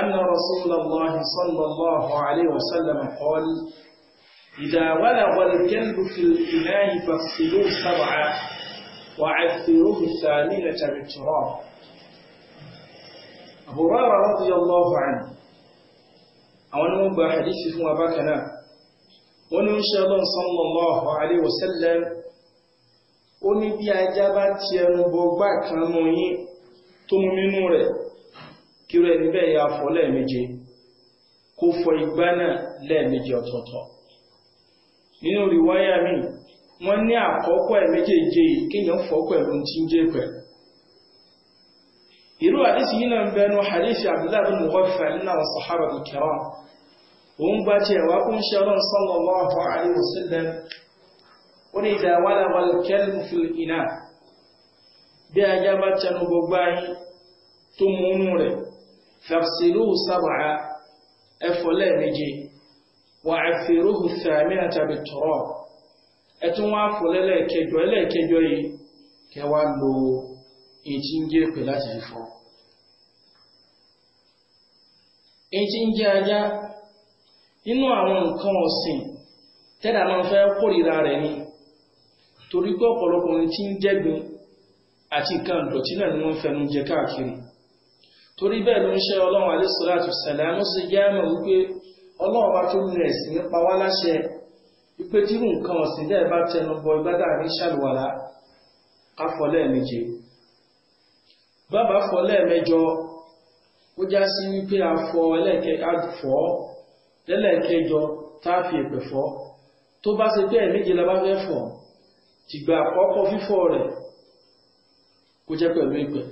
أن رسول الله صلى الله عليه وسلم قال إذا ولغ الكلب في الإناء فاغسلوه سبعا وعثروه الثامنة بالتراب أبو هريرة رضي الله عنه أولا مبا حديث فما باكنا وأن شاء الله صلى الله عليه وسلم ó ní bí ajá bá ti tó mú nínú rẹ̀ kí rẹ̀ níbẹ̀ ya fọ́ lẹ́ẹ̀méje kó fọ igbá náà lẹ́ẹ̀méje ọ̀tọ̀ọ̀tọ̀ nínú rìwáyà mi wọ́n ní àkọ́kọ́ ẹ̀ méjèèje yìí kéèyàn fọ́ pẹ̀lú tí ń jẹ́ pẹ̀lú irú àdísì yìí náà ń bẹnu àdísì Abdullah bin Mughaffal nínú àwọn sàhábà al-kiram òun bí ajá bá tẹnu gbogbo ayé tó mú inú wa fàṣìlú sábàá ẹ̀fọ́ lẹ́ẹ̀mejì wà ẹ̀fẹ̀rú sàmì àtàbí yìí kẹwàá lo èjì ń láti fi fọ́ èjì ajá nínú àwọn nǹkan ọ̀sìn ni torí pé ọ̀pọ̀lọpọ̀ ti ń àti nǹkan ìdọ̀tí náà ni wọ́n fẹnu jẹ káàkiri torí bẹ́ẹ̀ ló ń ṣe ọlọ́run alẹ́sọ̀láàtù sàlámù sí jáàmù wípé ọlọ́run bá tó ní ẹ̀sìn nípa wá láṣẹ wípé tí nǹkan ọ̀sìn dẹ́ẹ̀ bá tẹnu bọ ìgbádà ní ṣàlùwàlá ká fọ lẹ́ẹ̀méje bàbá fọ lẹ́ẹ̀mẹjọ ó já sí wípé a fọ ẹlẹ́ẹ̀kẹfọ́ lẹ́lẹ́ẹ̀kẹjọ tá a fi èpè tó bá ṣe pé ẹ̀ẹ̀méje la bá fẹ́ fọ tìgbà àkọ́kọ́ fífọ rẹ̀ kó jẹ́ pẹ̀lú ìpẹ̀.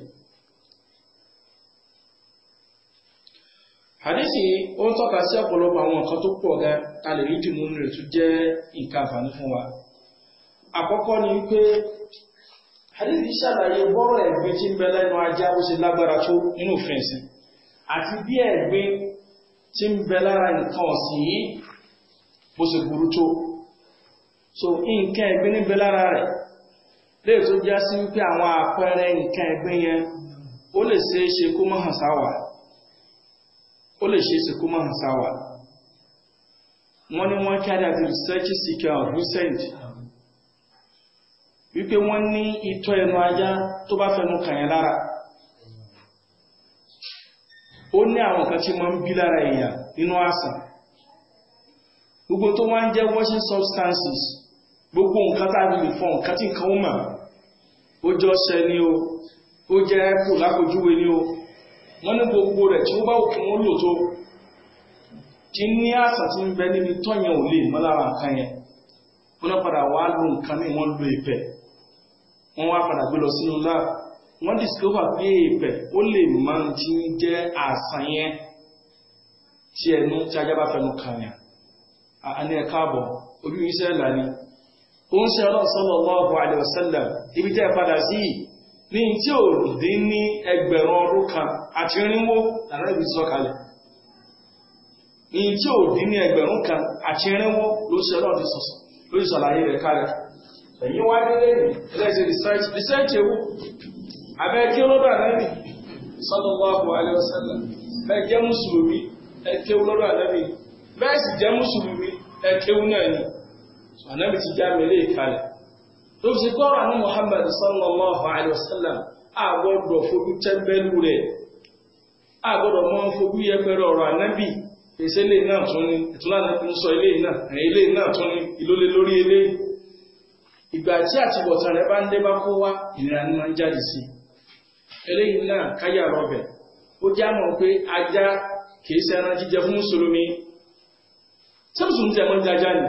hadisi ó ń tọ́ka sí ọ̀pọ̀lọpọ̀ àwọn nǹkan tó pọ̀ gan ta lè rí dìmú rẹ̀ tó jẹ́ nǹkan àǹfààní fún wa àkọ́kọ́ ni wípé hadisi ṣàlàyé bọ́rọ̀ ẹ̀gbin tí ń bẹ lẹ́nu ajá ó ṣe lágbára tó nínú òfin ẹ̀sìn àti bí ẹ̀gbin tí ń bẹ lára nǹkan ọ̀sìn yìí bó ṣe burú tó so nǹkan ẹ̀gbin níbẹ̀ lára rẹ̀ léè tó já sí wípé àwọn àpẹẹrẹ nǹkan ẹgbẹ́ yẹn ó lè ṣe é ṣe kó mọ́ hàn sáwà ó lè ṣe é ṣe kó mọ́ hàn sáwà wọ́n research seeker of recent wípé wọ́n ní itọ́ ẹnu ajá tó bá fẹnu kàn yẹn lára ó ní àwọn kan tí wọ́n ń bí lára èèyàn nínú àsàn gbogbo tó washing substances gbogbo nǹkan tá a lè fọ ó jọ ṣẹ ni o ó jẹ́ kò lápòjúwe ni o wọ́n ní gbogbo rẹ̀ tí ó bá òkè wọn lò tó kí ní àṣà tí ń bẹ níbi tọ́yàn ò lè mọ́ lára nǹkan yẹn wọ́n náà padà wá lo nǹkan ní wọ́n lo ìpẹ́ wọ́n wá padà gbé lọ sínú láàbù wọ́n discover pé ìpẹ́ ó lè máa ti ń àṣà yẹn tí ẹnu tí ajá bá fẹnu kàn yàn àní ẹ̀ káàbọ̀ ojú iṣẹ́ ìlànà ó ń ṣe ọlọ́run sallallahu alaihi wasallam ibi tẹ́ padà sí ní tí ò dín ní ẹgbẹ̀rún ọdún kan àti irínwó lànàbí sọ̀kalẹ̀ ní tí ò dín ní ẹgbẹ̀rún kan àti irínwó ló ṣe ọlọ́run sọ̀sọ̀ ló ṣàlàyé rẹ̀ kalẹ̀ ẹ̀yìn wá délé ní ẹlẹ́sìn research research ewu abẹ́ kí lọ́dọ̀ ànábì sallallahu alaihi wasallam bẹ́ẹ̀ jẹ́ mùsùlùmí ẹ kéwu lọ́dọ̀ ànábì bẹ́ẹ̀ jẹ́ mùsùlùmí ẹ ànábì ti já mi lé ìkalẹ̀ tó fi kọ́ra ní Muhammad sallallahu alayhi wa sallam àgbọ̀dọ̀ fojú tẹ́gbẹ́lú rẹ̀ àgbọ̀dọ̀ mọ́ fojú yẹpẹrẹ ọ̀rọ̀ ànábì pèsè ilé náà tún ní ìtúlá náà ń sọ ilé náà ẹ̀yìn ilé náà tún ní ìlólé lórí ilé ìgbà tí àtibọ̀tán rẹ̀ bá ń dé bá kó wá ìnira ni wọ́n jáde sí eléyìí náà káyà rọbẹ̀ ó já mọ̀ pé ajá kìí ṣe jíjẹ fún mùsùlùmí tí mùsùlùmí ń jajá ni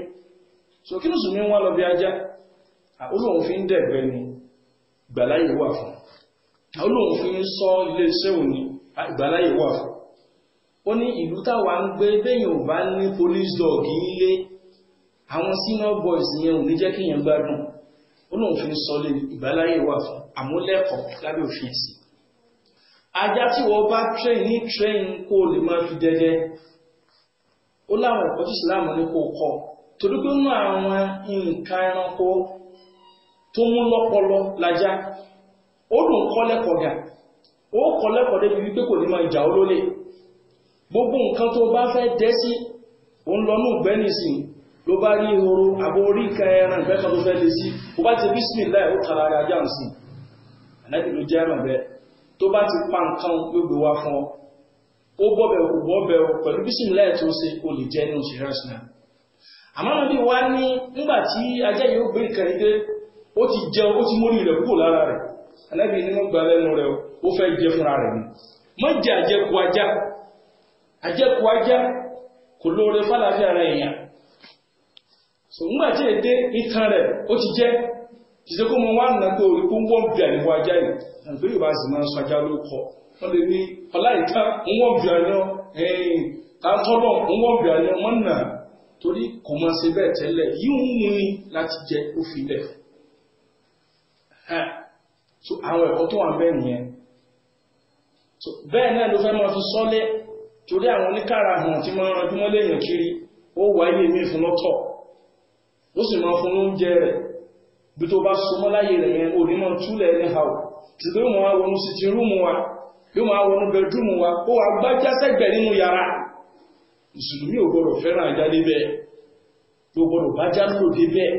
so kí mùsùlùmí wọ́n lọ bí ajá olóhun fi ń dẹ̀gbẹ́ ni ìgbàláyè wà fún olóhun fi ń sọ iléeṣẹ́ òní ìgbàláyè wà fún ó ní ìlú táwa ń gbé bẹ́yìn ò ní police dog ilé àwọn senior boys yẹn ò ní jẹ́ kéèyàn gbádùn olóhun fi ń sọ ìgbàláyè wà fún àmúlẹ́kọ̀ọ́ lábẹ́ òfin ẹ̀sìn ajá tí wọ́n bá train ní train kó o lè máa fi dẹdẹ ó láwọn ẹ̀kọ́ tí Islam ní kó o kọ́ ọ torí pé nínú àwọn nǹkan ẹranko tó mú lọ́pọlọ lajá ó dùn kọ́ lẹ́kọ̀ọ́ gà ó kọ́ lẹ́kọ̀ọ́ débi wípé kò ní máa jà ó lólè gbogbo nǹkan tó bá fẹ́ dẹ́ sí ó ń lọ ní ìgbẹ́nìsìn ló bá rí ehoro àbó orí nǹkan ẹran ìgbẹ́ kan tó fẹ́ lé sí ó bọ́bẹ̀ kò pẹ̀lú bísímìláì tó ṣe ó lè jẹ́ nínú ṣe àmọ́ níbi wá ní nígbà tí ajá yóò gbé nǹkan ní pé ó ti jẹun ó ti mórí rẹ̀ kúrò lára rẹ̀ anábì ní wọ́n gba lẹ́nu rẹ̀ ó fẹ́ jẹ fúnra rẹ̀ ni mọ́ jẹ àjẹkù ajá àjẹkù ajá kò lóore fálàfíà ara èèyàn so nígbà tí èdè ìtàn rẹ̀ ó ti jẹ́ torí kò mọ̀ ṣe bẹ́ẹ̀ tẹ́lẹ̀ yíò mú ní láti jẹ ó lẹ̀ so àwọn ẹ̀kọ́ tó wà bẹ́ẹ̀ nìyẹn so bẹ́ẹ̀ náà ló fẹ́ máa fi sọ́lẹ̀ torí àwọn oníkàrà hàn tí máa ń ranjú mọ́ lẹ́yìn kiri ó wà ayé mi fún lọ́tọ̀ ó sì máa fún oúnjẹ rẹ̀ bí tó bá so mọ́ láyé rẹ̀ yẹn ò máa túlẹ̀ ní hàù tí pé wọ́n wọnú sí ti rúùmù wa yóò máa wọnú bẹ̀dúùmù wa ó wà gbájá sẹ́gbẹ̀ẹ́ nínú yàrá mùsùlùmí ò gbọ́dọ̀ fẹ́ràn ajá débẹ̀ ló gbọ́dọ̀ bá já lò débẹ̀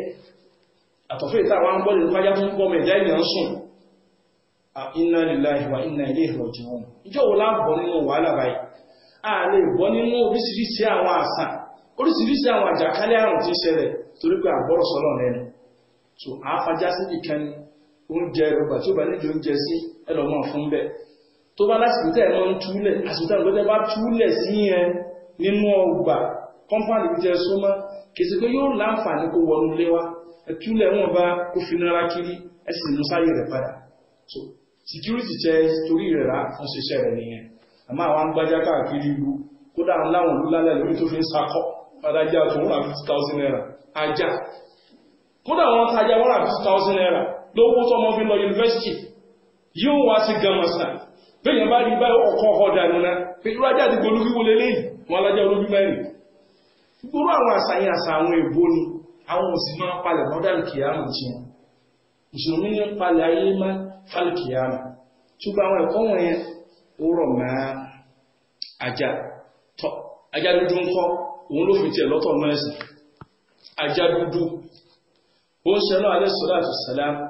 àtọ̀fẹ́ ìtawà ń gbọ́dọ̀ bá já fún gbọ́mọ̀ ẹ̀dá ènìyàn sùn inna lillahi wa inna ilayhi raji'un ìjọ́ wo láàbọ̀ nínú wàhálà báyìí a lè bọ́ nínú oríṣiríṣi àwọn àṣà oríṣiríṣi àwọn àjàkálẹ̀ àrùn tí ń ṣẹlẹ̀ torí so àáfàjá ni oúnjẹ rọgbà tí ó bá nílò oúnjẹ sí ẹlọ́mọ̀ fún bẹ́ẹ̀ tó bá lásìkò tẹ̀ mọ́ ń túlẹ̀ àsìkò tẹ̀ lọ́jọ́ bá túlẹ̀ sí yẹn nínú ọgbà kọ́mpáàlì bí jẹ́ súnmọ́ kìí pé yóò láǹfààní kó wọnú ilé wa ẹ̀túlẹ̀ wọn bá kó fi nára kiri ẹ̀sìn mú sáyé rẹ̀ padà so security jẹ́ torí rẹ̀ rà fún ṣiṣẹ́ rẹ̀ nìyẹn àmọ́ àwọn agbájá káàkiri ìlú kódà láwọn ìlú lálẹ́ lórí tó fi ń sakọ́ padàjá tó wọ́n rà fifty thousand naira ajá kódà wọn tajà wọ́n rà fifty thousand naira lówó tó ọmọ fi lọ yunifásitì yóò wá sí gamasa bẹ́ẹ̀ yẹn bá rí báyìí ọkọ̀ ọ̀dà nínú pé irú ajá àti gbòlúkú wọlé léyìí wọn lọ́jọ́ olójú mẹ́rin gbogbo àwọn àṣàyàn àṣà àwọn èbó ni àwọn òsì máa palẹ̀ mọ́dàlì kìíyàmù jí wọn mùsùlùmí ní palẹ̀ ayé má fàlì kìíyàmù ṣùgbọ́n àwọn ẹ̀kọ́ wọn yẹn ó rọ̀ mọ́ ajá tọ́ ajá dúdú ń kọ́ òun ló fi tiẹ̀ lọ́tọ̀ náà ẹ̀sìn ajá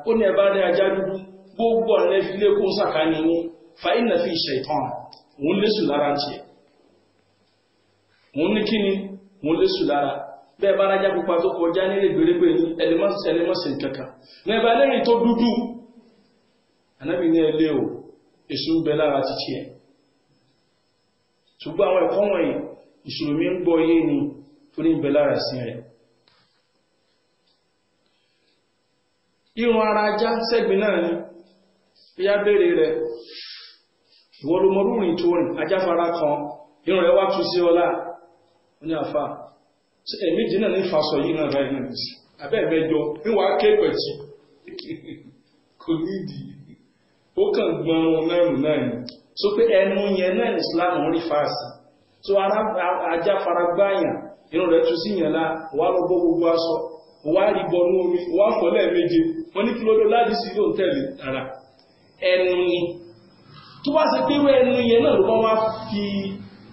ó ní ẹ̀bá rẹ̀ ajá dúdú gbogbo ọ̀nà ilé kó ń sàkání ní fàínà fi ṣe ìtàn òun lé lára tiẹ̀ mo ní kí ni mo lé sùn lára bẹ́ẹ̀ bá rájá pupa tó kọjá nílé gbèrègbè ní ẹlẹ́mọ́sí ẹlẹ́mọ́sí kankan mẹ́bà lẹ́rìn tó dúdú anábì ní ẹlẹ́ o èso ń bẹ lára títí ẹ̀ ṣùgbọ́n àwọn ẹ̀kọ́ wọ̀nyí ìṣòlòmí ń gbọ́ yé ni tó ní bẹ lára sí rẹ̀ irun ara ajá sẹ́gbin náà ni fíyá béèrè rẹ̀ ìwọ́lómọrúrin tó rìn ajá fara kan irun rẹ̀ wá tú sí ọlá ní àfà ẹ̀mí na ní fasọ yìí náà báyìí náà sí abẹ́ẹ̀mẹ́jọ níwà kéèpẹ̀tì kò nídìí ó kàn gbọ́n ohun mẹ́rùn náà ni so pé ẹnu yẹn náà Islam rí fàásì so ajá faragbáyàn inú rẹ̀ tún sí yàn lá wà lọ bó gbogbo aṣọ wà rí bọnú omi wà fọ́ lẹ́ẹ̀méje wọ́n ní kí ló dé láti sí yóò tẹ̀lé ara ẹnu ni tó bá ṣe pé ẹnu yẹn náà ló bá wá fi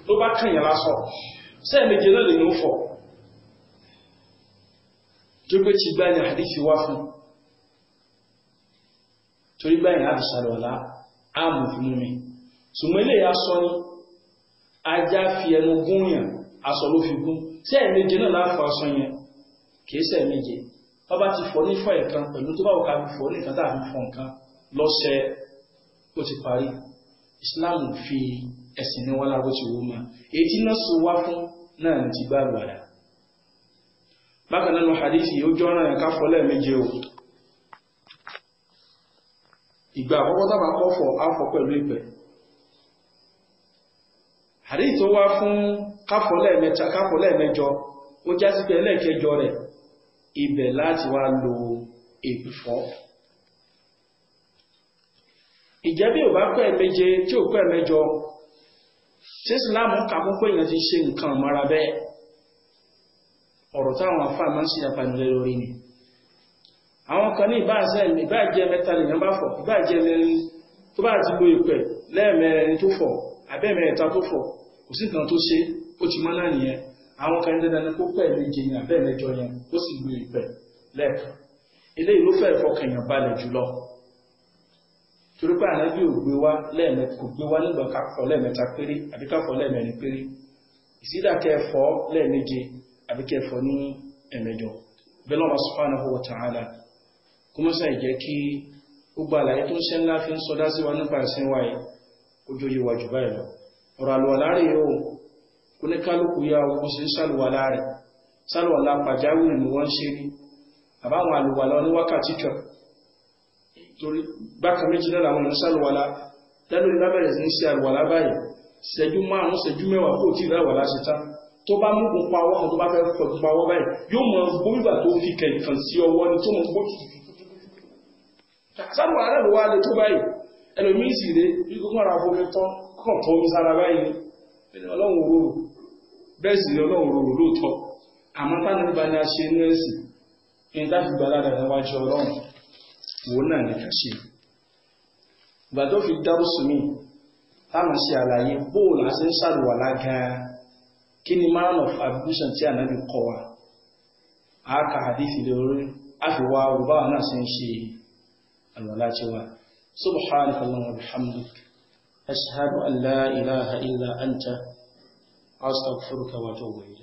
ló bá kàn yàn lásọ̀rọ̀ sẹ́ẹ̀mejì náà nìyàn fọ̀ tó pé ti gbá ní àdífi wá fún torí báyìí láti sàlọ̀lá áàmù fún mi ṣùgbọ́n ilé ya sọ ní ajá fi ẹnu gún yàn aṣọ ló fi gún sẹ́ẹ̀mejì náà láàfọ̀ aṣọ yẹn kìí sẹ́ẹ̀mejì bàbá ti fọ̀ ní fọ̀ ẹ̀kan pẹ̀lú tó bá wù ká fi fọ̀ ní nǹkan tá a nǹkan lọ́sẹ̀ ó ti parí Islam fi ẹ̀sìn ní wọ́n lábó ti wó máa èyí náà sọ wá fún náà ti bá gbàdá bákan hadithi méje o ìgbà àkọ́kọ́ tábà fọ afọ pẹ̀lú ìpẹ̀ hadith tó wá fún káfọ̀lẹ̀ mẹ́jọ ó já sí pé ẹlẹ́ẹ̀kẹjọ rẹ̀ ibẹ̀ láti wá lo èbùfọ́ ìjẹ́bí ò bá pẹ́ méje tí ò pẹ́ ṣé ìsìláàmù ń kàkún pé èèyàn ti ṣe nǹkan mọ́ra bẹ́ẹ̀ ọ̀rọ̀ táwọn afáà máa ń ṣe apanilẹ́ lórí ni àwọn kan ní ìbáàṣẹ́ ìbáàjẹ́ mẹ́ta lèèyàn bá fọ̀ ìbáàjẹ́ mẹ́rin tó bá ti lo ìpẹ̀ lẹ́ẹ̀mẹ́rin tó fọ̀ abẹ́mẹ́ta tó fọ̀ kò sí nǹkan tó ṣe ó ti mọ́ náà nìyẹn àwọn kan dandan ní kó pẹ̀ méje ní abẹ́mẹ́jọ yẹn ó sì lo ìpẹ̀ lẹ́ẹ̀kan eléyìí ló fẹ́ẹ̀ fọkànyàn balẹ̀ jùlọ torí pé ànábì ogbewa gbé wá lẹ́ẹ̀mẹ́ta kò gbé wá nígbà káfọ́ lẹ́ẹ̀mẹ́ta péré àbí káfọ́ lẹ́ẹ̀mẹ́rin péré ìsídà kẹfọ́ lẹ́ẹ̀méje àbí kẹfọ́ ní ẹ̀mẹ́jọ bẹ́ẹ̀ lọ́wọ́ subhanahu wa ta'ala kó mọ́sá ìjẹ́ kí gbogbo àlàyé tó ń ṣe ńlá fi ń sọdá sí wa nípa ìsìn wa yìí ojú yìí wà jù báyìí lọ ọ̀rọ̀ àlùwà kó ní kálukú ya owó sí sálùwà láàrẹ̀ sálùwà lápàjáwìrì ni wọ́n ń ṣe ní àbáwọn àlùwà torí bákan méjì náà làwọn ìrìnsàlùwàlá tẹ́lú ìlábẹ̀rẹ̀ ní sí àlùwàlá báyìí ṣẹ́jú márùn-ún ṣẹ́jú mẹ́wàá kò tí ìláwàlá ṣe tán tó bá múgun pa ọwọ́ tó bá fẹ́ fọ̀tún pa ọwọ́ báyìí yóò mọ gbóyìnbà tó fi kẹ̀kàn sí ọwọ́ ni tó mọ gbó sàlùwàlá ló wá lè tó báyìí ẹlòmíì sì lé bí kókó ara fomi tán kàn tó omi sára báyìí ọlọ́run òróró bẹ́ẹ̀ sì ni ọlọ́run òróró lóòótọ́ àmọ́ táwọn nípa ni a ṣe wò náà ní kà ṣe ìgbà tó fi dárúsù mi táwọn ṣe àlàyé bóòlù àti ń ṣàlùwàlá gan-an kí ni man of abduction tí ànábì kọ wa a kà hadithi lórí a fi wá rúbá náà ṣe ń ṣe àlùwàlá tí wa subhanaka allahumma wa bihamdik ashhadu an la ilaha illa anta astaghfiruka wa atubu